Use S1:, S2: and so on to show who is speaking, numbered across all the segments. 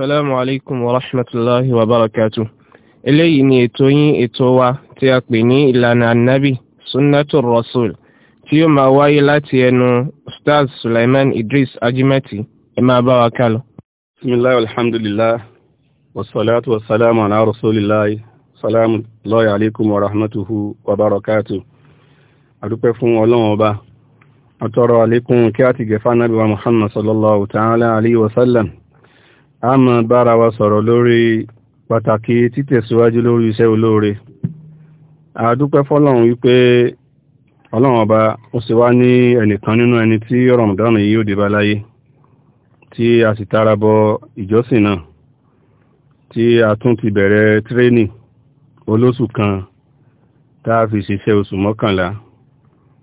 S1: Assalamu alaikum wa rahmatullahi wa barakatuh. Eléyìí ni ètò yín ètò wa tí a pè ní ìlànà ànábì Sunnatul Rasul tí ó máa wáyé láti ẹnu Ustaz Sulaiman Idris Ajimati. Ẹ máa bá wa kálọ. Bismillah
S2: alhamdulillah wa salatu wa salamu ala rasulillah salamu Allahi alaikum wa rahmatuhu wa barakatuh. A dúpẹ́ fún Ọlọ́run Ọba. A tọrọ àlékún kí á ti gẹ̀fà nábì wa Muhammad sallallahu ta'ala alaihi wa sallam a máa bára wa sọ̀rọ̀ lórí pàtàkì títẹ̀síwájú lórí iṣẹ́ olóore a dúpẹ́ fọ́lọ́run wípé ọlọ́run ọba ó sì wá ní ẹnìkan nínú ẹni tí Ramadan yìí ó dìbà láyé tí a sì tara bọ ìjọsìn náà tí a tún ti bẹ̀rẹ̀ tírénì olóṣù kan tá a fi ṣiṣẹ́ oṣù mọ́kànlá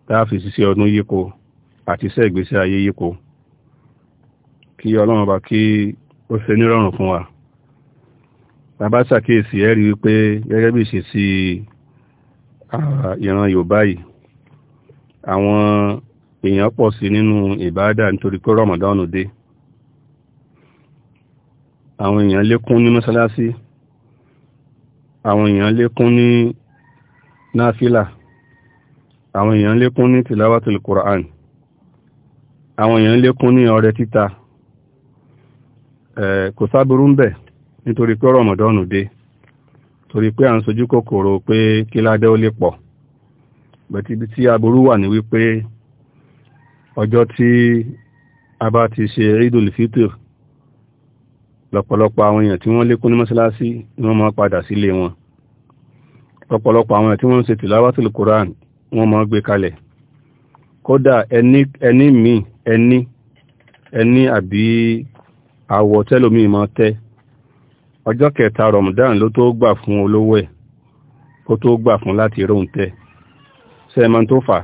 S2: tá a fi ṣiṣẹ́ ọdún yípo àti iṣẹ́ ìgbésí ayé yípo kí ọlọ́run ọba kí ó ṣe nírọ̀rùn fún wa bàbá ṣàkíyèsí ẹ̀rí wípé gẹ́gẹ́ bí ṣe sí ìran Yorùbá yìí àwọn èèyàn pọ̀ sí nínú ìbáadà nítorí pé Ramadan dé àwọn èèyàn lékún ní mọ́sálásí àwọn èèyàn lékún ní náfílà àwọn èèyàn lékún ní tìláwàtìl Qur'an àwọn èèyàn lékún ní ọrẹ títa Eh, kò sáburú ń bẹ̀ nítorí pé rọ̀mọ̀dọ́nù dé torí pé à ń sojú kòkòrò pé kí ládé ó lè pọ̀ bẹ̀tí ibi tí aburú wà ní wípé ọjọ́ tí a bá ti ṣe Eidul Fitr lọ́pọ̀lọpọ̀ àwọn èèyàn tí wọ́n lékún ní mọ́sálásí ni wọ́n máa padà sílé wọn lọ́pọ̀lọpọ̀ àwọn èèyàn tí wọ́n ń ṣe tìláwátìlù Qur'an wọ́n máa gbé kalẹ̀ kódà ẹni mi ẹni ẹni àbí àwọ̀ tẹ́lòmíì máa tẹ́ ọjọ́ kẹta Ramadan ló tó gbà fún olówó ẹ̀ kó tó gbà fún láti róhun tẹ́ sẹ́mọ́n tó fà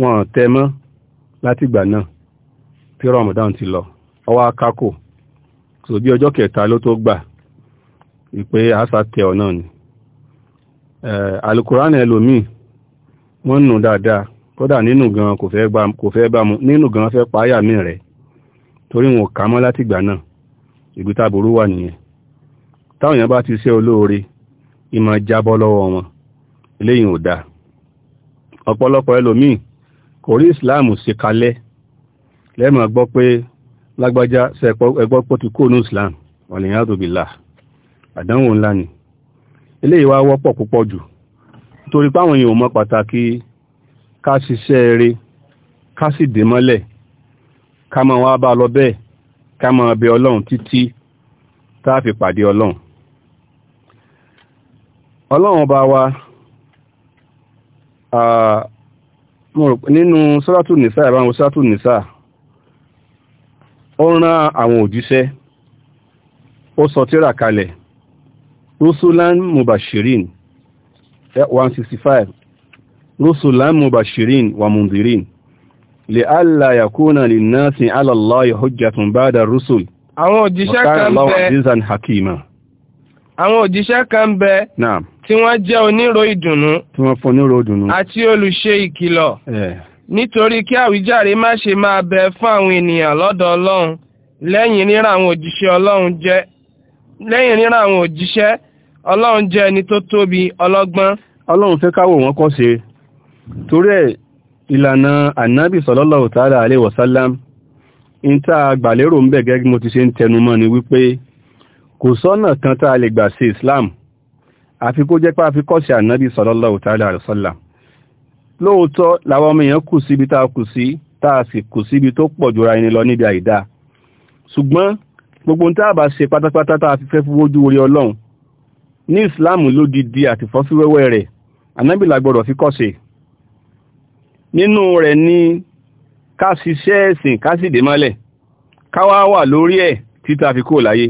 S2: wọ́n tẹ́ mọ́ látìgbà náà tí Ramadan ti lọ ọwọ́ akákò tó bí ọjọ́ kẹta ló tó gbà ìpé àṣà tẹ ọ̀ náà ni alukuran ẹlòmíì wọ́n nù dáadáa kódà nínú gan kò fẹ́ bá mu nínú gan fẹ́ pààyà mí rẹ̀ torí wọn kà mọ́ látìgbà náà ibi táburú wà nìyẹn táwọn èèyàn bá ti ṣe olóore ìmọ̀ jábọ́ lọ́wọ́ wọn eléyìí ò dáa ọ̀pọ̀lọpọ̀ ẹlòmíì kò rí ìsìláàmù sí kalẹ̀ lẹ́mọ̀ gbọ́ pé lágbájá ẹgbọ́ pọ́ ti kó ní ìsìláàmù wàlìyàn tó bìlà àdánwò ńlá ni eléyìí wá wọ́pọ̀ púpọ̀ jù torí páwọn èèyàn mọ̀ pàtàkì ká ṣiṣẹ́ eré ká sì dé mọ́lẹ̀ ká máa wá bá lọ bẹ́ẹ̀ ká máa bẹ ọlọ́run títí tá a fi pàdé ọlọ́run ọlọ́run bá wa nínú sọ́ràtù nìsá ìbáwọn sọ́ràtù nìsá ó rán àwọn òjíṣẹ́ ó sọ tírà kalẹ̀ rusulan mubashirin 165 rusulan mubashirin wa mundirin لئلا يكون للناس على الله حجة بعد الرسل
S1: àwọn òjíṣẹ́ kan bẹ́ àwọn òjíṣẹ́ kan bẹ tí wọ́n jẹ́ onírò ìdùnnú
S2: tí wọ́n onírò ìdùnnú
S1: àti olùṣe ìkìlọ̀ eh. nítorí kí àwíjàre má ṣe máa bẹ fún àwọn ènìyàn lọ́dọ̀ Ọlọ́run lẹ́yìn àwọn òjíṣẹ́ Ọlọ́run jẹ́ lẹ́yìn àwọn òjíṣẹ́ Ọlọ́run ìlànà ànábì sallallahu
S2: ta'ala alaihi wasallam in tá a gbàlérò ń bẹ̀ gẹ́gẹ́ mo ti ṣe ń tẹnumọ́ ni wípé kò sọ́nà kan tá lè gbà sí islam àfi kó jẹ́ pé àfi kọ́ sí ànábì sallallahu ta'ala alaihi wasallam lóòótọ́ làwọn ọmọ èèyàn kù síbi tá a kù sí tá a sì kù síbi tó pọ̀ jura ẹni lọ níbi àìdá ṣùgbọ́n gbogbo tá bá ṣe pátápátá tá fi fẹ́ fowójú orí ọlọ́run ní islam ló di di àtìfọ́síwẹ́wẹ́ rẹ̀ ànábì la gbọ́dọ̀ fi kọ́ sí nínú rẹ̀ ni ká ṣiṣẹ́ ẹ̀sìn ká sì dé mọ́lẹ̀ ká wá wà lórí ẹ̀ títa fi kúrò láyé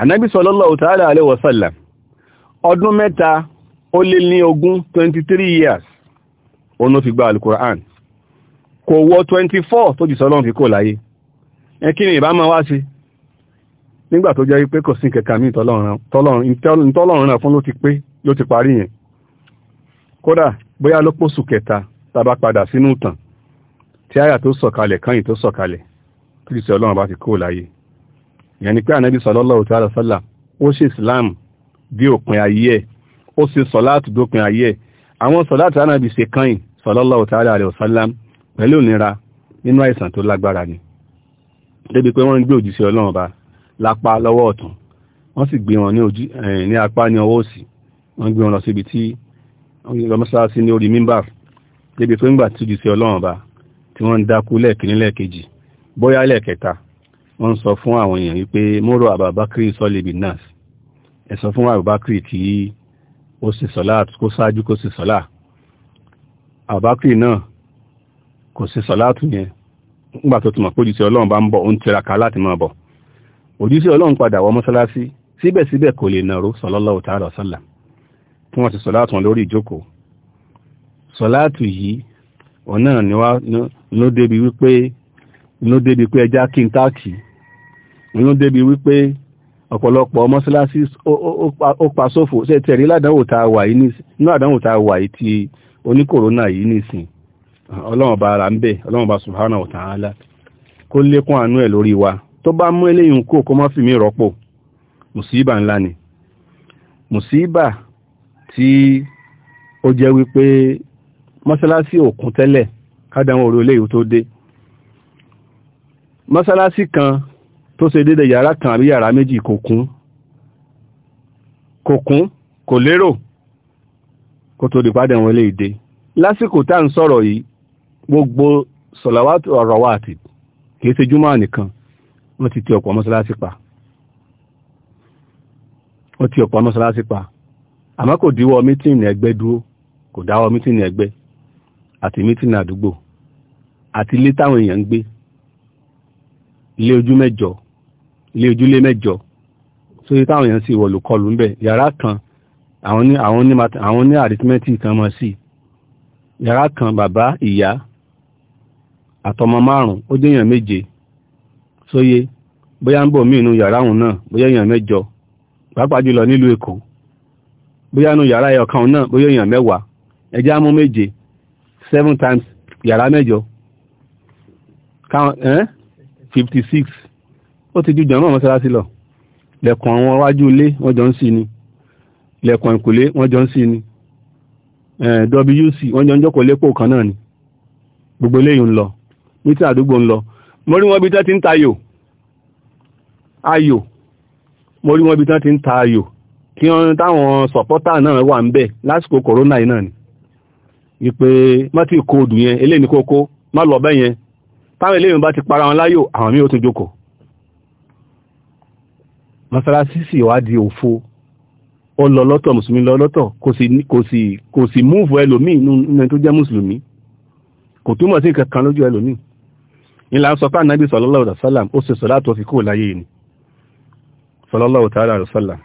S2: ànábì sallallahu ta'ala alaihi wasallam ọdún mẹ́ta ó lé ní ogún 23 years òun ló fi gba alukur'an kò wọ 24 tó jìsọ́ lọ́n fi kúrò láyé ẹ kí ni ìbá máa wá sí nígbà tó jẹ́ pé kò sí kẹ̀kà míì tọ́lọ́run náà fún ló ti pé ló ti parí yẹn kódà bóyá ló pòsù kẹta tàbá padà sínú ìtàn tí àyà tó sọ̀kalẹ̀ kányìn tó sọ̀kalẹ̀ kìrìsì ọlọ́run bá ti kó láyé ìyẹn ni pé ànábì sallallahu ta'ala sallam ó ṣe islam dé òpin ayé ẹ̀ ó ṣe sọ̀láàtì dópin ayé ẹ̀ àwọn sọ̀láàtì ànábì ṣe kányìn sallallahu ta'ala alaihi wasallam pẹ̀lú ìnira nínú àìsàn tó lágbára ni débi pé wọ́n ń gbé òjíṣẹ́ ọlọ́run bá lápá lọ́wọ́ ọ̀tún wọ́n sì gbé wọn eh, ní apá ní ọwọ́ òsì wọ́n gbé wọn lọ síbi tí lọ́mọ́sáàsì ní orí mímbàrù débi pé ńgbà tí jùsí ọlọ́run bá tí wọ́n ń dákú lẹ́ẹ̀kíní lẹ́ẹ̀kejì bóyá lẹ́ẹ̀kẹta wọ́n ń sọ fún àwọn èèyàn wípé mórò àbàbákiri sọ́lẹ̀bì nas ẹ sọ fún àbàbákiri kí ó sì sọ́lá kó ṣáájú kó sì sọ́lá àbàbákiri náà kò sí sọ́lá tún yẹn ńgbà tó túnmọ̀ pé jùsí ọlọ́run bá ń bọ̀ ó ń tiraka láti máa bọ̀ òjúsí ọlọ́run padà wọ mọ́sálásí síbẹ̀síbẹ̀ kò lè nàró sallallahu ta'ala sallam tí wọ́n ti sọ́lá tún lórí ìjókòó sọ̀láàtù yìí ọ̀nà ló débi wípé ló débi pé ẹjá kí n táàkì wípé ọ̀pọ̀lọpọ̀ mọ́sálásí ó pa sófò ṣe tẹ̀rí ládánwò tá a wà yìí ti oníkòrónà yìí nìsìn ọlọ́run bá ara ń bẹ̀ ọlọ́run bá subhanahu wa ta'ala kó lékún àánú ẹ̀ lórí wa tó bá mú eléyìn kó kó mọ́ fi mí rọ́pò mùsíbà ńlá ni mùsíbà tí ó jẹ́ wípé mọ́sálásí òkun tẹ́lẹ̀ kádàwọn orí olè tó dé mọ́sálásí kan tó ṣe dédé yàrá kan àbí yàrá méjì kò kún kò kún kò lérò kò tó di pádàwọn olè dé lásìkò tá à ń sọ̀rọ̀ yìí gbogbo sọ̀làwátò ọ̀rọ̀ wà àti kìí ṣe júmọ́ nìkan wọ́n ti ti ọ̀pọ̀ mọ́sálásí pa wọ́n ti ọ̀pọ̀ mọ́sálásí pa àmọ́ kò díwọ́ mítíìnì ẹgbẹ́ dúró kò dáwọ́ mítíìnì ẹgbẹ́ àti mítìnì àdúgbò àti ilé táwọn èèyàn ń gbé ilé ojú mẹ́jọ ilé ojúlé mẹ́jọ sórí táwọn èèyàn sì wọ̀lù kọlù ń bẹ̀ yàrá kan àwọn ní àwọn ní àwọn ní àrítímẹ́tì kan mọ̀ sí yàrá kan bàbá ìyá àtọmọ márùn ó jẹ́ èèyàn méje sóyé bóyá ń bọ̀ mí inú yàrá òun náà bóyá èèyàn mẹ́jọ pàápàá jùlọ nílùú Èkó bóyá inú yàrá ẹ̀ọ̀kan náà bóyá èèyàn mẹ́wàá ẹjẹ́ á mú méje seven times yàrá mẹ́jọ eh? fifty six ó ti ju jọ̀ọ́ náà mọ́sálásí lọ lẹ̀kùn àwọn iwájú ilé wọ́n jọ ń sí ni lẹ̀kùn ìkùlé wọ́n jọ ń sí ni eh, wc wọ́n jọ ń jókòó lépò kan náà ni gbogbo eléyìí ń lọ mítí àdúgbò ń lọ mo rí wọn bí tán ti ń ta ayò ayò mo rí wọn bí tán ti ń ta ayò kí wọ́n táwọn sọ̀pọ́tà náà wà ń bẹ̀ lásìkò kòrónà yìí náà ni wípé má ti kó odù yẹn eléyìí ní kókó má lọ bẹ́ yẹn táwọn eléyìí bá ti para wọn láyò àwọn míì ó tún jókòó masalasi sì wá di òfo ó lọ lọ́tọ̀ mùsùlùmí lọ lọ́tọ̀ kò sì kò sì kò sì múùfù ẹlòmíì nínú tó jẹ́ mùsùlùmí kò túmọ̀ sí kankan lójú ẹlòmíì ìlà sọ pé ànábì sallallahu alaihi wasallam ó ṣe sọ̀lá tó fi kúrò láyé ni sallallahu ta'ala alaihi wasallam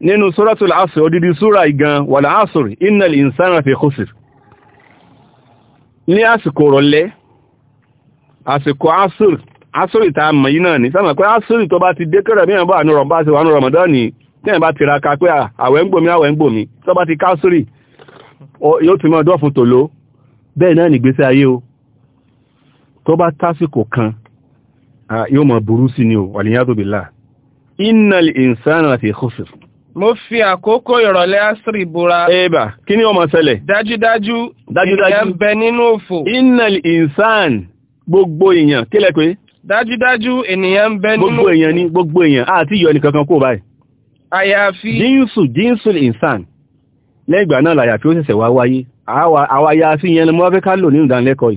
S2: nínú suratul asr odidi súra igan wal asr innal insana fi khusr ní àsìkò rọ̀lẹ́ àsìkò asr asr ìta mọ̀ yìí náà ní sáàmà pé asr tó bá ti dé kẹ́rẹ̀ mí ẹ̀bọ́ ànú rọ̀mbá sí wà ní rọ̀mọ̀dọ́ ni tí bá ti yóò ti mọ́ ọdún fún tòló bẹ́ẹ̀ náà nìgbésí tó bá tásìkò kan yóò mọ̀ fi khusr
S1: mo fi àkókò ìrọ̀lẹ́ àṣírí búra. ẹ̀bà kí ni ó máa ṣẹlẹ̀. dájúdájú ìyẹn bẹ nínú òfò. gbogbo èèyàn kí lẹ dájúdájú ènìyàn bẹ nínú. gbogbo èèyàn ni
S2: gbogbo èèyàn àti ìyọ nìkan kan kó báyìí. àyàfi. jínsù jínsù insan lẹ́gbà náà làyàfi ó ṣẹ̀ṣẹ̀ wá wáyé àwa ya yẹn ni mo fẹ́ ká lò nínú ìdánilẹ́kọ̀ọ́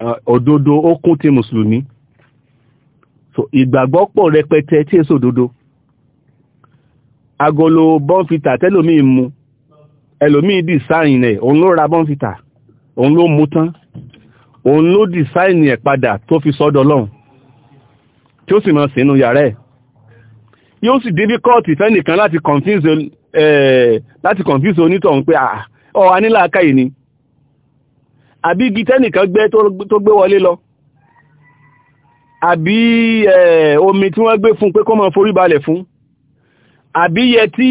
S2: Eh, òdodo ó kún ti mùsùlùmí so ìgbàgbọ́ pọ̀ rẹpẹtẹ tí èso dodo. agolo bọ́nfìtà tẹ́lòmíì mu ẹlòmíì dìsáìn ẹ̀ on ló ra bọ́nfìtà òun ló mu tán òun ló dìsáìn ẹ̀ padà tó fi sọ́dọ̀ lọ́hùn tí ó sì mọ̀ sínú yàrá ẹ̀ yóò sì débí kọ́ọ̀tì fẹ́nìkan láti confuse eh, onítọ̀hún pé ọ̀ ah, anílàákàyè ah, ni àbí igi tẹ́nìkan gbẹ́ tó gbé wọlé lọ àbí omi tí wọ́n gbé fún pé kó máa forí balẹ̀ fún àbí yẹtí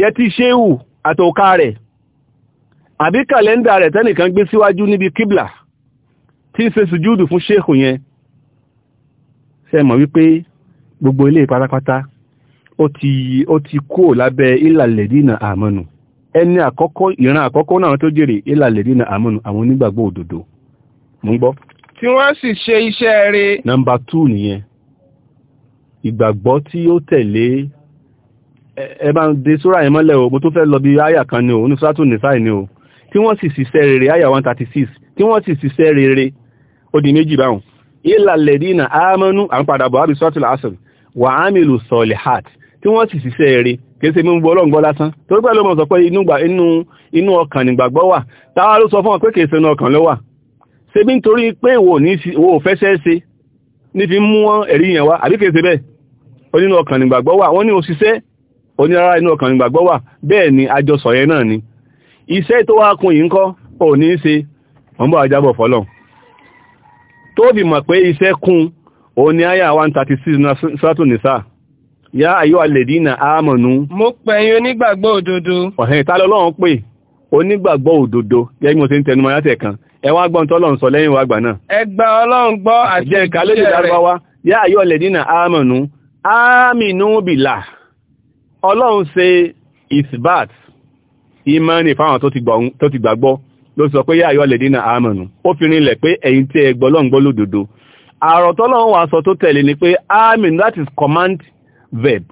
S2: yẹtí ṣéwù àtòká rẹ̀ àbí kàlẹ́ndà rẹ̀ tẹ́nìkan gbé síwájú níbi kíblà tí ń ṣe sùjúdù fún ṣéhù yẹn ṣe mọ̀ wípé gbogbo ilé pátápátá ó ti kúrò lábẹ́ ìlàlẹ̀dínà àmọ́nù ẹni àkọ́kọ́ ìran àkọ́kọ́ náà tó jèrè na àmọ́nù àwọn onígbàgbọ́ òdodo mú gbọ́
S1: tí wọ́n sì ṣe iṣẹ́ rẹ̀
S2: nọmbà 2 nìyẹn ìgbàgbọ́ tí ó tẹ̀lé ẹbá de sóra o mo tó fẹ́ lọ bí àyà kan ni o ní sátò ni o tí wọ́n sì ṣiṣẹ́ rere àyà 136 tí wọ́n sì ṣiṣẹ́ rere ó di méjì àwọn padàbọ̀ àbí tí wọ́n kéèsè mú gbọ́ ọlọ́ngbọ́ lásán torí pẹ́ ló mọ̀ sọ pé inú ọkàn nígbàgbọ́ wà táwa ló sọ fún ọ pé kéèsè inú ọkàn ló wà ṣe bí nítorí pé ìwò ò fẹ́ṣẹ́ ṣe ní fi mú ẹ̀rí yẹn wá àbí kéèsè bẹ́ẹ̀ ó ọkàn nígbàgbọ́ wà wọ́n ní òṣìṣẹ́ onírárá inú ọkàn nígbàgbọ́ wà bẹ́ẹ̀ ni àjọsọ yẹn náà ni iṣẹ́ tó wá kun yìí ń kọ́ ò ní í ṣe wọ́n bá ajábọ̀ fọ́lọ̀ tó fi mọ̀ pé yá ayọ́ alẹ́dínà àmọ̀nú. mo pè yín onígbàgbọ́ òdodo. ọ̀hẹ́ ta lọ́lọ́run pè onígbàgbọ́ òdodo gẹ́gẹ́ bí mo ti ń tẹnu mọ́ yàtẹ̀ kan ẹ wá gbọ́n tọ́lọ́run sọ lẹ́yìn wá gbà náà. ẹ gba ọlọ́run gbọ́ àti ìṣẹ́ rẹ̀. jẹ́ kálódé dárúbáwá yá ayọ́ alẹ́dínà àmọ̀nú àmìnú bìlà ọlọ́run ṣe isbat ìmánì fáwọn to ti gbàgbọ́ ló sọ pé yá ayọ́ alẹ́dínà àmọ̀nú ó fi rinlẹ̀ pé ẹ̀yin tí ẹ gbọ́ ọlọ́run gbọ́ lódodo àrọ̀tọ́lọ́run wàá sọ tó tẹ̀lé ni pé àmìnú that is command verb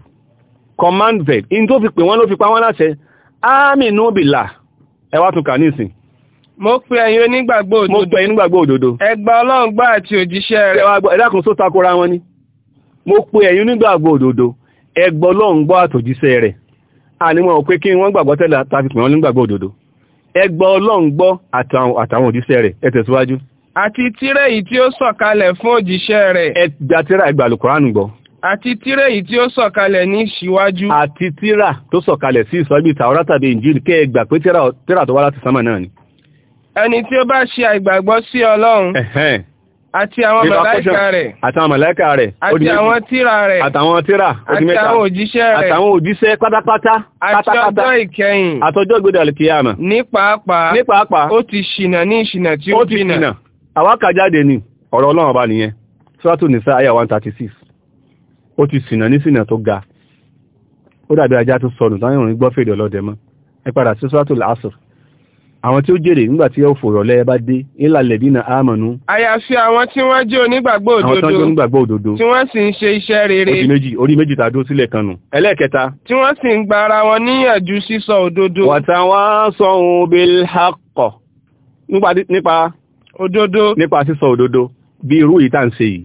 S2: command verb in tó fi pè wọ́n ló fi pa wọ́n láṣẹ aminu billah E wá tún kà nísìn mo pè ẹ̀yin onígbàgbọ́ òdodo mo pè ẹ̀yin onígbàgbọ́ òdodo ẹ gba ọlọ́run gbọ́ àti òjíṣẹ́ rẹ̀ ẹ dákun só takora wọn ni mo pè ẹ̀yin onígbàgbọ́ òdodo ẹ gba ọlọ́run gbọ́ àti òjíṣẹ́ rẹ̀ àníwọ̀n pé kí wọ́n gbàgbọ́ tẹ́lẹ̀ tàbí pè wọ́n nígbàgbọ́ òdodo ẹ gba ọlọ́run gbọ́ àtàwọn òjíṣẹ́ rẹ̀ ẹ tẹ̀síwájú
S1: àti tírà yìí tí ó sọ̀kalẹ̀ fún òjíṣẹ́ rẹ̀ ẹ gba tírà ẹ gba àlùkùránì gbọ́ Àti tírà yìí tí ó sọ̀kalẹ̀ ní ṣíwájú. Àti tírà tó sọ̀kalẹ̀ sí ìsọ́gbì tàwọ́rá tàbí
S2: ìjìn kẹ́ ẹgbà pé tírà tó wá láti sánmà náà ni.
S1: Ẹni tí ó bá ṣe àìgbàgbọ́ sí Ọlọ́run. Àti àwọn màláíkà rẹ̀.
S2: Àtàwọn màláíkà rẹ̀. Àti àwọn
S1: tírà rẹ̀. Àtàwọn tírà. Àtàwọn òjíṣẹ́ rẹ̀. Àtàwọn òjíṣẹ́ pátápátá. Àti ọjọ́ ìkẹyìn. Àtọjọ́ ìgbèdà kìíyàmà. Ní pàápàá. Ní pàápàá. Ó
S2: ti ó ti sìnà ní sìnà tó ga ó dàbí ajá tó sọnù táwọn ìrìn gbọ́ fèdè ọlọ́dẹ mọ́ ẹ padà sí sọ́tò lásìr àwọn tí ó jèrè nígbà ó fòrọ̀ lẹ́ẹ bá dé ìlàlẹ̀ dínà àmọ̀nú.
S1: àyàfi àwọn tí wọ́n jẹ́ onígbàgbọ́ òdodo àwọn tó jẹ́ onígbàgbọ́ òdodo tí wọ́n sì ń ṣe iṣẹ́ rere orí méjì
S2: orí méjì tá a dó sílẹ̀ kan nù.
S1: tí wọ́n sì ń gba ara wọn níyànjú sísọ òdodo. watawasaw bil haqq nípa òdodo
S2: nípa sísọ òdodo bí irú yìí tá à ń ṣe yìí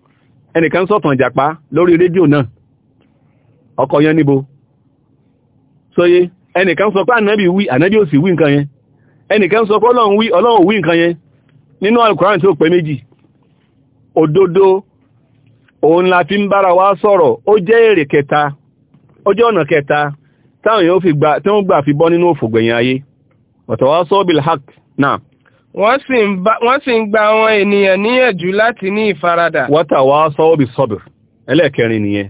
S2: ẹnìkan sọ̀tàn ìjàpá lórí rédíò náà ọkọ̀ yẹn níbo sóyé ẹnìkan sọ pé ànábì wí ànábì ò sì wí nǹkan yẹn ẹnìkan sọ pé ọlọ́run wí ọlọ́run wí nǹkan yẹn nínú alukuran tí ó méjì fi ń wa sọ̀rọ̀ ó jẹ́ èrè kẹta ó jẹ́ ọ̀nà kẹta táwọn tí wọ́n gbà fi bọ́ nínú wa sọ
S1: wọ́n sì ń gba àwọn ènìyàn níyànjú láti ní ìfaradà. wọ́tà wá sọ́wọ́ bí sọ́bìr ẹlẹ́ẹ̀kẹrin
S2: nìyẹn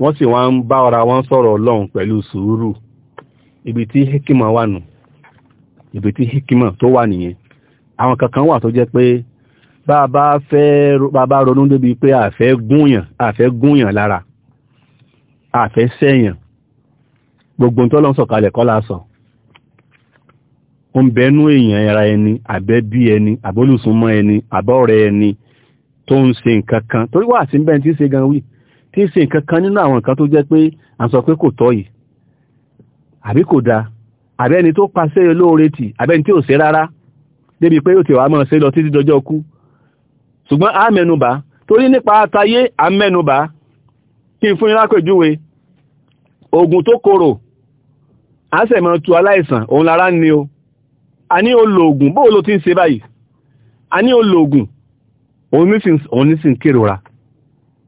S2: wọ́n sì wá bá ara wọn sọ̀rọ̀ ọlọ́run pẹ̀lú sùúrù ibi tí hikima wà nù ibi tí hikima tó wà nìyẹn àwọn kankan wà tó jẹ́ pé bá a bá fẹ́ bá a bá ronú débi pé àfẹ́ gúnyàn àfẹ́ gúnyàn lára àfẹ́ sẹ́yàn gbogbo tó lọ́n sọ̀kalẹ̀ So ó ń bẹnú èèyàn ara ẹni àbẹ́bí ẹni àbólùsúnmọ́ ẹni àbọ́ọ̀rẹ́ ẹni tó ń ṣe nǹkan kan torí wà sí bẹ́ẹ̀ tí ń ṣe gan wí tí ń ṣe nǹkan kan nínú àwọn nǹkan tó jẹ́ pé à ń sọ pé kò tọ́ yìí àbí kò dáa àbẹ́ ẹni tó paṣẹ olóore tì àbẹ́ ẹni tí ò ṣe rárá débi pé ó ti wàá máa ṣe lọ títí dọjọ́ kú ṣùgbọ́n a mẹ́nubà torí nípa àtayé a mẹ́nubà kí n fún yín lápèjúwe oògùn tó korò a sì mọ̀ tu aláìsàn òun lára ni o a ní olóògùn bóò ló ti ń ṣe báyìí a ní olóògùn òun ní sì ń kérora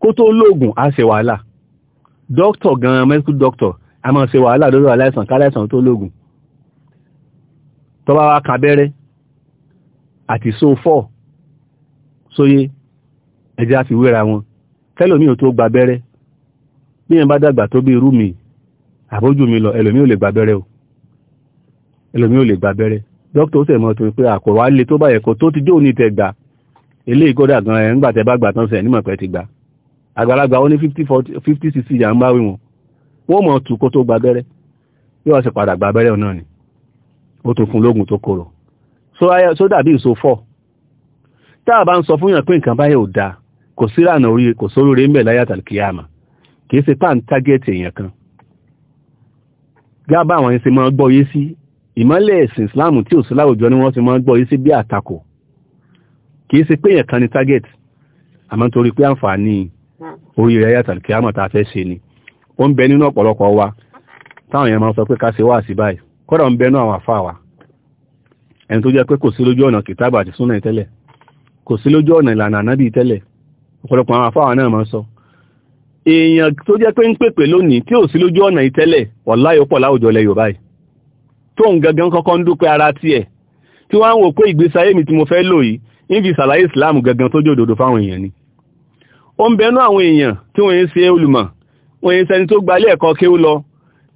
S2: kó tó lóògùn a ṣe wàhálà dókítọ̀ gan medical doctor a máa ṣe wàhálà lórí aláìsàn káláìsàn tó lóògùn tó bá wá kábẹ́rẹ́ àti so fọ́ sóyé ẹjẹ́ àti wéra wọn tẹ́lòmí ò tó gbàbẹ́rẹ́ bí yẹn bá dàgbà tó bí irú mi àbójú mi lọ ẹlòmí ò lè gbàbẹ́rẹ́ o ẹlòmí ò lè gbàbẹ́rẹ́ dr. ó sì mọ̀ tó pé àkọ̀rọ̀ á le tó báyẹ̀ kó tó ti jó ní tẹ̀ gbà eléyìí kódà gan ẹ̀ bá gbà tán sẹ̀ ní 50 yà ń bá wọ́n mọ̀ kó tó gba abẹ́rẹ́ bí wọ́n sì padà gba abẹ́rẹ́ náà ni ó tó fún lóògùn tó korò só dàbí ìso fọ́ tá a bá ń sọ fún yàn pé nǹkan báyẹ̀ ò dáa kò sí ìlànà orí kò sóró rẹ̀ ìmọ́lẹ̀ ẹ̀sìn islam tí ò sí láwùjọ ni wọ́n ti máa ń gbọ́ yìí sí bí àtakò kìí ṣe pé yẹn ni target àmọ́ torí pé àǹfààní orí rẹ̀ yàtọ̀ kí a mọ̀ ta fẹ́ ṣe ni ó ń bẹ nínú ọ̀pọ̀lọpọ̀ wa táwọn èèyàn máa sọ pé ká ṣe wá sí báyìí kódà ń bẹ nú àwọn àfáà wa ẹni tó jẹ́ pé kò sí lójú ọ̀nà kìtàbà àti súnà tẹ́lẹ̀ kò sí lójú ọ̀nà ìlànà ànábì tẹ́lẹ̀ ọ̀pọ̀lọpọ̀ àwọn àfáà náà máa sọ èèyàn tó jẹ́ pé ń pèpè lónìí tí ò sí lójú ọ̀nà ìtẹ́lẹ̀ wàláyò láwùjọ lẹ Yorùbá tóun gangan kọ́kọ́ ń dúpẹ́ ara tiẹ̀ tí wọ́n ń wò pé ìgbésí ayé mi tí mo fẹ́ lò yìí ń fi sàlàyé ìsìláàmù gangan tó jòdòdò fáwọn èèyàn ni ó ń bẹnu àwọn èèyàn tí wọ́n ń ṣe olùmọ̀ wọ́n ń sẹni tó gbalẹ̀ ẹ̀kọ́ kéwú lọ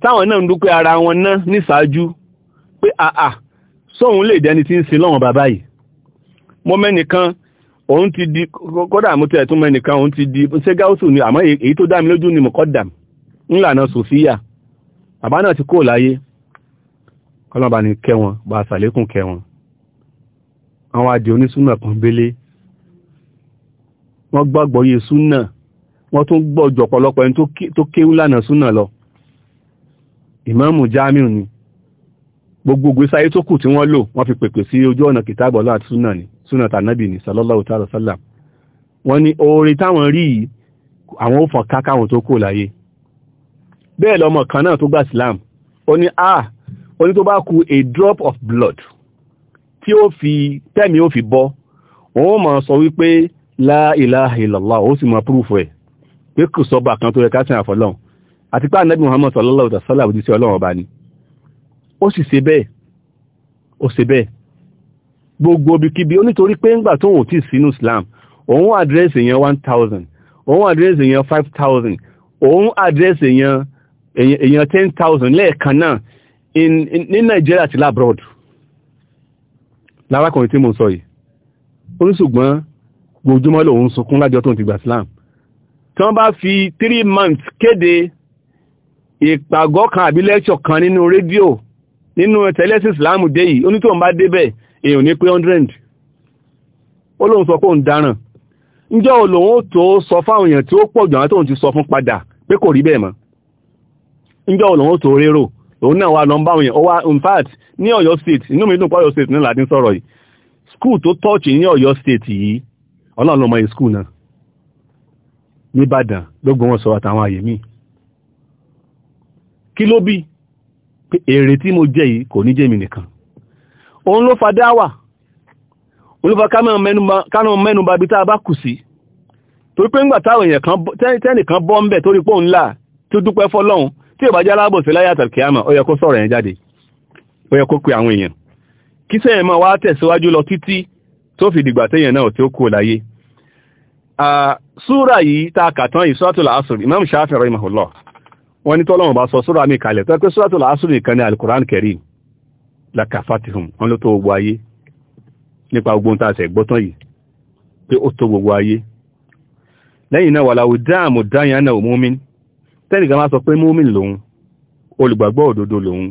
S2: táwọn náà ń dúpẹ́ ara wọn ná níṣáájú pé àà sóun lè dẹni tí ń sin lọ́wọ́n bàbá yìí mo mẹ́nìkan òun ti di kódà mo tẹ̀ tún mẹ́nìkan òun ti di ṣé gáúsù ni àmọ́ èyí tó dá mi lójú ni mo kọ́ dàm bàbá náà ti kó láyé kọ́lọ́bà ní kẹwọn bá sàlékún kẹwọn wọ́n wá jẹ́ onísúnà kan bélé wọ́n gbàgbọ́ yé súnà wọ́n tún gbọ́jọ̀ pọ̀lọpọ̀ ẹni tó kéwú lànà súnà lọ ìmáàmù jamiu ni gbogbo gbèsè ayé tó kù tí wọ́n lò wọ́n fi pèpè sí ojú ọ̀nà kìtàbọ̀lá àti súnà ni súnà tànábì ni sallallahu ta'ala sallam wọ́n ní oore táwọn rí yìí àwọn ò fọ̀n ká ní ah orí tó bá ku a drop of blood tí ó fi tẹ́mi ó fi bọ́ òun mọ̀ sọ wípé la ilaha illallah ó sì mọ̀ púrúfù ẹ̀ pé kò sọ́ba kan tó yẹ ká sìn àti pé ànábì muhammad sallallahu alaihi wasallam òjíṣẹ́ ọlọ́run ọba ni ó sì ṣe bẹ́ẹ̀ ó ṣe bẹ́ẹ̀ gbogbo ibikíbi ó nítorí pé ńgbà tó wò tí sínú islam òun àdírẹ́sì yẹn 1000 òun àdírẹ́sì yẹn 5000 òun àdírẹ́sì yẹn 10000 lẹ́ẹ̀kan náà in in in Nigeria àti labroad lárákùnrin tí mo sọ yìí oníṣùgbọ́n gbogbo lòun sunkún lájọ́ tó ti gbà Islam tí wọ́n bá fi three months kéde ìpàgọ́ kan àbí lẹ́ṣọ̀ kan nínú rédíò nínú tẹ́lẹ́sì Islam dé yìí onítòun bá débẹ̀ èèyàn ní pé 100 ó lóun sọ pé òun dáràn ǹjọ́ olóhun tó sọ fáwọn èèyàn tí ó pọ̀ jù àwọn tóun ti sọ fún padà pé kò rí bẹ́ẹ̀ mọ́ ǹjọ́ olóhun tó rérò òun náà wà nọmbà òyìn ó wá in fact ní ọ̀yọ́ state inú mi dùn pọ̀ ọ̀yọ́ state ní láti sọ̀rọ̀ yìí skul tó tọ́ọ̀chì ní ọ̀yọ́ state yìí ọlọ́run ọmọ yìí skul náà nìbàdàn gbogbo wọn sọ àtàwọn àyè míì kí ló bí èrè tí mo jẹ yìí kò ní jẹ́ mi nìkan òun ló fa dáwà òun ló fa kánà mẹ́nuba bí tá a bá kù sí torí pé ńgbà táwọn èèyàn kan tẹ́nìkan bọ́ ń torí pé òun là tó dúpẹ́ fọlọ́run tí ò bá jẹ́ alábòsí láyé àtàkìyàmà ó yẹ kó sọ̀rọ̀ yẹn jáde ó yẹ kó pe àwọn èèyàn kí sẹ́yìn máa wá tẹ̀síwájú lọ títí tó fi dìgbà téèyàn náà tí ó kú láyé súrà yìí ta kàtán yìí la asr imam shafi rahimahullah wọ́n ní tọ́lọ́wọ́n bá sọ súrà mi kalẹ̀ tó pé suratul asr nìkan ní alukuran karim lakafatihum wọn ló tó gbogbo ayé nípa gbogbo ta ṣe gbọ́tán yìí pé ó tó gbogbo ayé lẹ́yìn náà wàlàwù dáàmù dáyàn náà mumin tẹ́nìkan máa sọ pé múmin lòun olùgbàgbọ́ òdodo lòun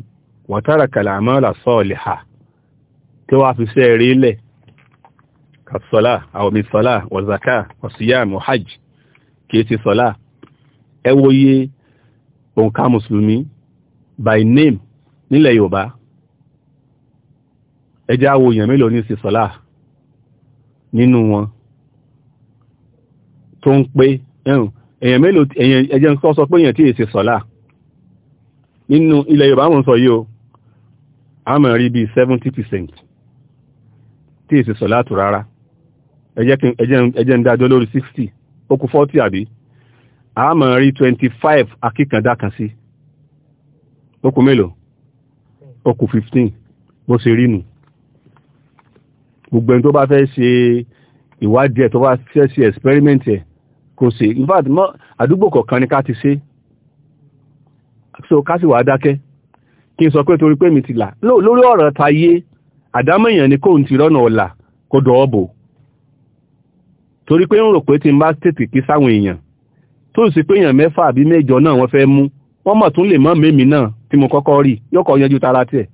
S2: wàtàrà kàlàmọ́là sọ́ọ̀lì ha tí wọ́n fi ṣe rí lẹ̀ kàṣọ́lá àwọ̀mí sọ́lá wọ̀zàká ọ̀síyàm ọ̀hajj kìí ti sọ́lá ẹ wo òǹkà mùsùlùmí by name nílẹ̀ yorùbá ẹjẹ́ àwọ̀ mélòó ní sọ́lá nínú wọn tó ń pé èyàn mélòó èyàn ẹjẹ́ ń sọ pé èyàn tí èsì sọ́lá nínú ilẹ̀ Yorùbá mọ̀ sọ yíò a mọ̀ rí bí 70% tí èsì sọ́lá tù rárá ẹjẹ́ ń dájọ́ lórí 60 ó kù 40 àbí a mọ̀ rí 25 akíkàndá kan sí ó kù mélòó ó 15 bó ṣe rí nù gbogbo ẹni tó bá fẹ́ ṣe ìwádìí ẹ̀ tó bá fẹ́ ṣe experiment ẹ̀ kò sí in fact mọ́ àdúgbò kọ̀ọ̀kan ni ká ti ṣe so ká sì wà dákẹ́ kí n sọ pé torí pé mi ti là lórí ọ̀rọ̀ ta yé àdámọ̀yàn ni kóhun ti rọ́nà ọ̀la kó dọ̀ọ́bò torí pé ń rò pé tí n bá tètè kí sáwọn èèyàn tó sì pé èèyàn mẹ́fà àbí mẹ́jọ náà wọ́n fẹ́ mú wọ́n mọ̀ tún lè mọ́ mẹ́mí náà tí mo kọ́kọ́ rí yọ́kọ̀ yanjú tara tiẹ̀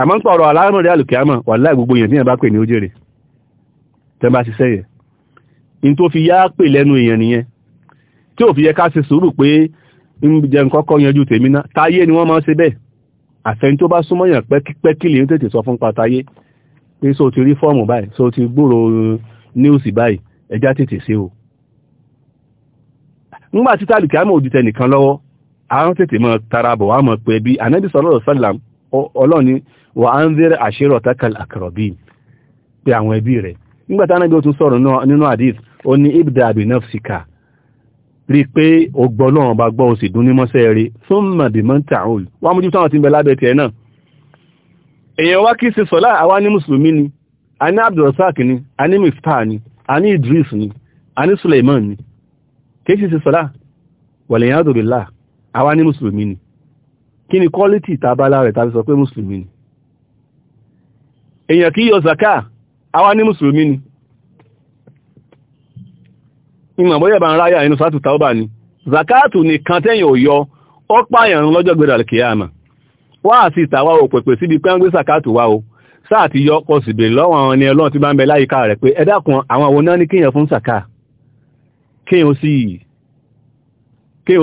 S2: àmọ́ ń pọ̀rọ̀ aláàmọ̀rẹ́ àlùkìámọ̀ wà láì gbogbo èèyàn tí yẹn bá pè ní ó jèrè tẹ́ bá ṣiṣẹ́ yẹn in tó fi yá pè lẹ́nu èèyàn nìyẹn tí ò fi yẹ ká ṣe sùúrù pé ń jẹ nǹkan yanjú tèmi náà táyé ni wọ́n máa ń ṣe bẹ́ẹ̀ àfẹ́ni tó bá súnmọ́ yàn pẹ́kípẹ́kí lè ń tètè sọ fún pa táyé pé so ti rí fọ́ọ̀mù báyìí so ti gbúrò uh, níùsì báyìí ẹjá tètè ṣe o ńgbà tí tàbí kìámọ̀ òdìtẹ nìkan lọ́wọ́ àwọn tètè mọ̀ tarabọ̀ wà mọ̀ pé bí anábì sallallahu alaihi wasallam wà á ń zẹ́rẹ̀ àṣírọ̀ takal àkàrọ̀bí pé àwọn ẹbí rẹ̀ nígbà tí anábì ó tún sọ̀rọ̀ nínú hadith ó ní ibda bi nafsika rí pé o gbọ́ lọ́wọ́n bá gbọ́ o sì dún ní mọ́sẹ́ rí thumma bi man ta'ul wọ́n mú jú táwọn ti ń bẹ lábẹ́ tiẹ̀ náà èèyàn wá kí ṣe sọ́lá àwa ní mùsùlùmí ni a ní abdulrasaq ni a ní miftah ni a ní idris ni a ní suleiman ni kí ṣe ṣe sọ́lá wàlẹ̀yàn billah àwa ní mùsùlùmí ni kí ni quality ìtàbálá rẹ̀ tàbí sọ pé mùsùlùmí ni èèyàn kì yọ zaka àwa ní mùsùlùmí ni ìmọ̀ bóyẹ̀ bá ń ráyà inú sátù taubá ni zakatu nìkan tẹ́yìn ò yọ ó pààyàn lọ́jọ́ gbẹ̀rẹ̀ alkiyama wá àti ìtàwà ò síbi pé ń gbé wa o sáà ti yọ kọ sì bèèrè lọ́wọ́ àwọn ẹni ọlọ́run ti bá ń bẹ láyìíká rẹ̀ pé ẹ dákun àwọn àwọn náà ní kéèyàn fún sàká kéèyàn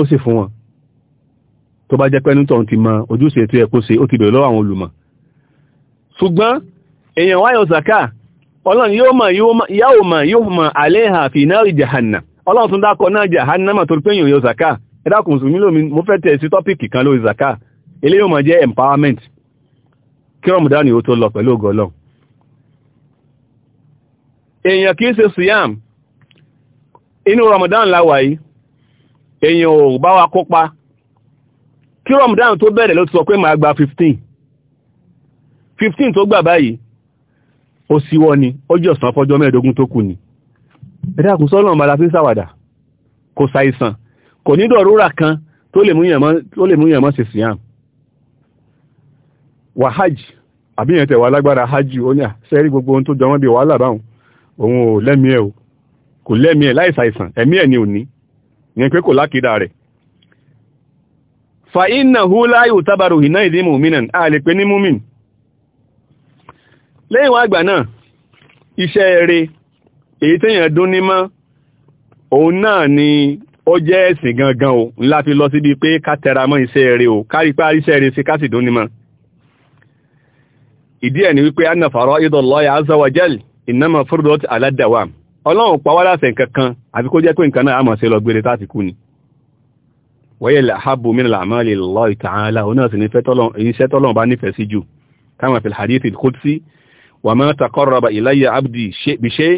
S2: sì fún wọn tó bá jẹ́ pé nítorí ti mọ ojúṣe tó yẹ kó ṣe ó ti bèèrè lọ́wọ́ àwọn olùmọ̀ ṣùgbọ́n èèyàn wáyọ̀ sàká ọlọ́run yóò mọ̀ yóò mọ̀ yóò mọ̀ àléhà fi náà jahannam ọlọ́run tún dákọ̀ náà jahannam tó pé yòó zaka ẹ̀dàkùn mùsùlùmí lómi mo fẹ́ tẹ̀ sí tọ́pìkì kan lórí zaka ilé yóò mọ̀ jẹ́ empowerment kí rọmùdánù yóò tó lọ pẹ̀lú ògo èèyàn kìí ṣe siam inú ramadan la wà yìí èèyàn ò bá wa kópa kí ramadan tó bẹ̀rẹ̀ ló ti sọ pé màá gba 15 15 tó gbà báyìí ó síwọ́ ni ó jẹ́ ọ̀sán fọ́jọ́ mẹ́ẹ̀dógún tó kù ni ẹ̀dàkùn sọ́lọ̀ bala fi ń sàwàdà kò ṣàìsàn kò ní dọ̀rúra kan tó lè mú yẹ̀mọ́ sí siam wà hajj àbíyàn tẹ̀ wà lágbára hajj ó ní àṣẹ́rí gbogbo ohun tó jọmọ́ bí wàhálà báhùn òun ò lẹ́mí ẹ̀ kò lẹ́mí ẹ̀ láì ṣàìsàn ẹ̀mí ẹ̀ ni ò ní yẹn pé kò lákìdá rẹ̀ fa innahu la yutabaru hina idhi mu'minan a lè pe ní mumin lẹ́yìn wọn àgbà náà iṣẹ́ eré èyí tẹ́yàn dún ní mọ́ òun náà ni ó jẹ́ ẹ̀sìn gangan o ńlá fi lọ síbi pé ká tẹra mọ́ iṣẹ́ eré o kárí pá iṣẹ́ eré sí ká sì dún ní mọ́ ìdí ẹ̀ ni wípé anna faraidullahi azza wa jal innama furdat ala dawam ọlọ́run pa wá láṣẹ nǹkan àfi kó jẹ́ pé nǹkan náà a sí lọ gbére táti kú ni wọ́yẹ̀ làhábù min al-a'mali lillahi ta'ala òun náà sì ní iṣẹ́ tọ́lọ́run bá nífẹ̀ẹ́ sí jù kama fil hadith al-qudsi wà máa takọ́rọba ìláyà abdi bí ṣe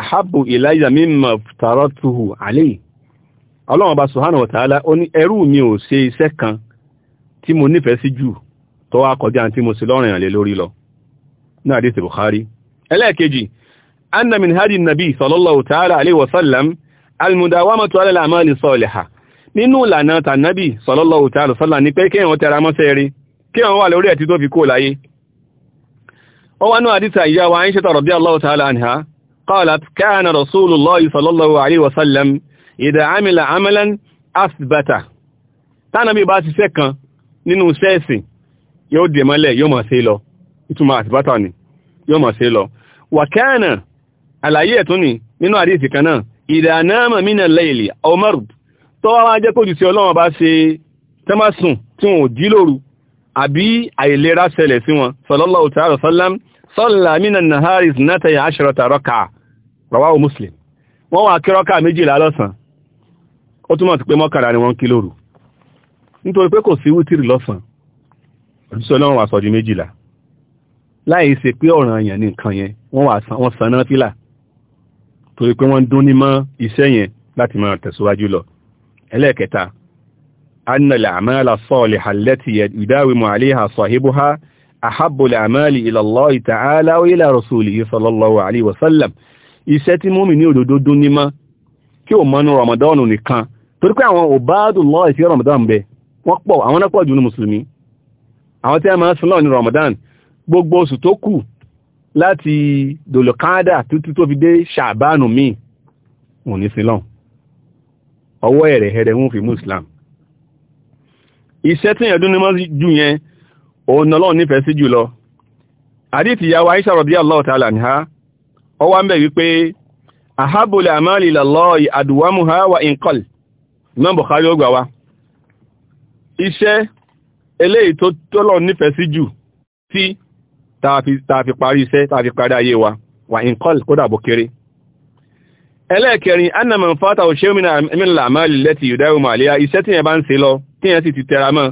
S2: àhábù ìláyà mímọ̀ tààrọ́tuhù àlẹ́ ọlọ́wọ́n bá sùhánà wàtàálá ó ní ẹrú mi ò ṣe iṣẹ́ kan tí mo nífẹ̀ẹ́ sí jù tó wá kọjá tí mo sì lọ́rìn àlè lórí lọ náà dé ti ẹlẹ́ẹ̀kejì anna hadi nabi sallallahu ta'ala alaihi wasallam almudawamatu ala وأن حديث أيها وعائشة رضي الله تعالى عنها قالت كان رسول الله صلى الله عليه وسلم إذا عمل عملا أثبته كان بباسي سكا nínú sẹ́ẹ̀sì yóò dè mọ́lẹ̀ yóò máa ṣe lọ ìtumọ̀ àtìbátà ni yóò máa ṣe lọ wàkẹ́ẹ̀nà àlàyé ẹ̀tún ni nínú àdíìsì kan náà ìdánáàmà mínà lẹ́ìlì ọmọrù tó wá jẹ́ kó jù sí ọlọ́wọ́n bá ṣe tẹ́másùn tí wọ́n jí lóru àbí àìlera ṣẹlẹ̀ sí wọn sallallahu ta'ala sallam salla mina nahari isnatay ashrata raka rawahu muslim wọ́n wà kí rọ́kà méjìlá lọ́sàn ó túnmọ̀ sí pé mọ́kànlá ni wọ́n kí lóru nítorí pé kò sí wítìrì lọ́sàn òjíṣẹ́ ọlọ́run wà sọ di méjìlá láì ṣe pé ọ̀ràn èèyàn ní nǹkan أن الأعمال الصالحة التي يداوم عليها صاحبها أحب الأعمال إلى الله تعالى وإلى رسوله صلى الله عليه وسلم iṣẹ́ tí mọ́mí ní òdòdó dún ní má kí o mọ́nú Ramadan nìkan torí pé àwọn òbádùn lọ́ ìfẹ́ Ramadan bẹ wọ́n pọ̀ àwọn náà pọ̀ jù ní mùsùlùmí àwọn tí a máa sùn lọ ní Ramadan gbogbo oṣù tó kù láti dòlòkádà títí tó fi dé ṣàbánù míì òní sílọ̀ ọwọ́ ẹ̀rẹ̀ ẹ̀rẹ̀ ń fi mú Islam iṣẹ́ tí èèyàn dúnni mọ́ jù yẹn òun Ọlọ́run nífẹ̀ẹ́ sí jùlọ àdíìtì ìyàwó Aisha radiyallahu ta'ala anha ó wá ń bẹ̀ wípé ahabul amali ilallahi adwamuha wa in qal Imam Bukhari ó gbà wá iṣẹ́ eléyìí tó tọ́lọ̀ nífẹ̀ẹ́ sí jù tí tààfi parí iṣẹ́ tààfi parí ayé wa wà in qal kódà bó kéré ẹlẹ́ẹ̀kẹrin anna man fata òṣèmìnà àmìlà àmàlì lẹ́tì ìdáwò màlíà iṣẹ́ tí kíyàn sì ti tẹra mọ́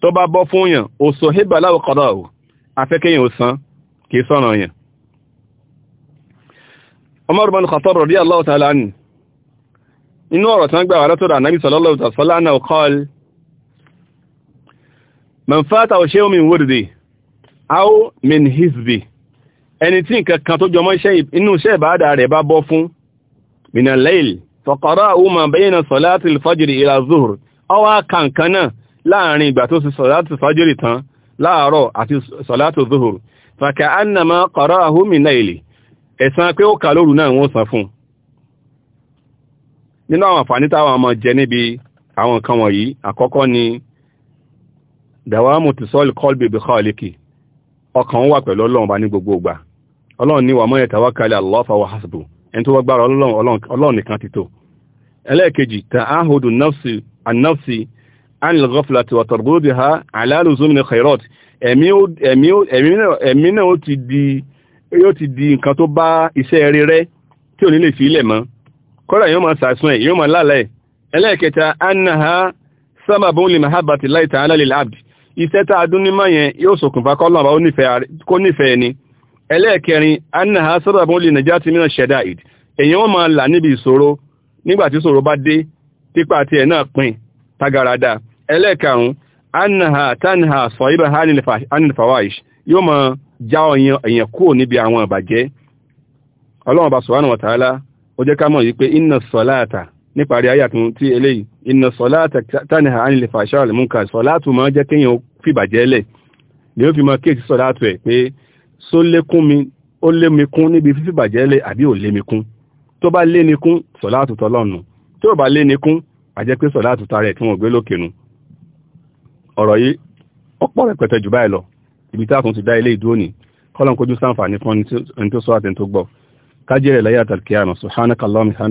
S2: tó bá bọ́ fún yàn ò sọ hébà láwọ̀kọ́dọ̀ ò afẹ́kẹ́yàn ò san kìí sọ̀rọ̀ yàn Umar bin Khattab radiyallahu ta'ala anhu inú ọ̀rọ̀ tán gbà wà látọ̀dọ̀ ànábì sallallahu alaihi wasallam náà qal man fata shay'un min wurdi aw min ọwá kàǹkan náà láàrin ìgbà tó sì sọ̀látù fàjírì tán láàárọ̀ àti sọ̀látù zuhur fàkà annama qara'ahu min layli ẹ̀san pé ó kà lóru náà wọ́n san fún nínú àwọn àǹfààní táwọn ọmọ jẹ níbi àwọn nǹkan wọ̀nyí àkọ́kọ́ ni dawamu tisol kolbi bi khaliki ọkàn wà pẹ̀lú ọlọ́run bá ní gbogbo ìgbà ọlọ́run ní wà mọ́ yatawakkal Allah fa ẹni tó wọ́gbára ọlọ́run nìkan ti tó ẹlẹ́ẹ̀kejì ta'ahudu nafsi an-nafsi anil-ghaflati wa tarbudiha ala luzumil khairat ẹ̀mí náà ó ti di yóò ti di nǹkan tó bá iṣẹ́ rere rẹ̀ tí ò ní lè fi ilẹ̀ mọ́ kọ́dà yóò máa sàásùn ẹ̀ yóò máa lálẹ́ ẹlẹ́ẹ̀kẹta annaha sábàbun li mahabbati Allahi ta'ala lil abdi iṣẹ́ tá a dún nímọ̀ yẹn yóò ṣokùnfà kọ́lọ̀ àbá kó nífẹ̀ẹ́ ni ẹlẹ́ẹ̀kẹrin annaha sábàbun li najati mina shada'id èyàn wọ́n máa là níbi ìṣòro nígbà tí ṣòro bá dé pípa tiẹ̀ náà pin tagarada ẹlẹ́ẹ̀karùn-ún anaha tanaha sọ̀yìnbá anilfawaish yóò mọ já ọyàn èèyàn kúrò níbi àwọn ìbàjẹ́ ọlọ́run bá subhanahu wa ta'ala ó jẹ́ ká mọ̀ yìí pé inna sọ̀láàtà níparí ayà tún tí eléyìí inna sọ̀láàtà tanaha anilfawaish sọ̀láàtù máa jẹ́ kéèyàn ni ó fi mọ kéèkì tó bá lé nikún sọ̀láàtù tọ́lọ́nù tó bá lé nikún àjẹ́ pé sọ̀láàtù tarẹ̀ tí wọ́n gbé lókènu ọ̀rọ̀ yìí ọ̀pọ̀ rẹpẹtẹ jù báyìí lọ ibi táàkùn ti dá ilé ìdúró ní kọ́lọ̀n kójú sáǹfààní fún ẹni tó sọ àti tó gbọ́ kájẹ́rẹ̀ láyé àtàkìyàmà subhanaka allahumma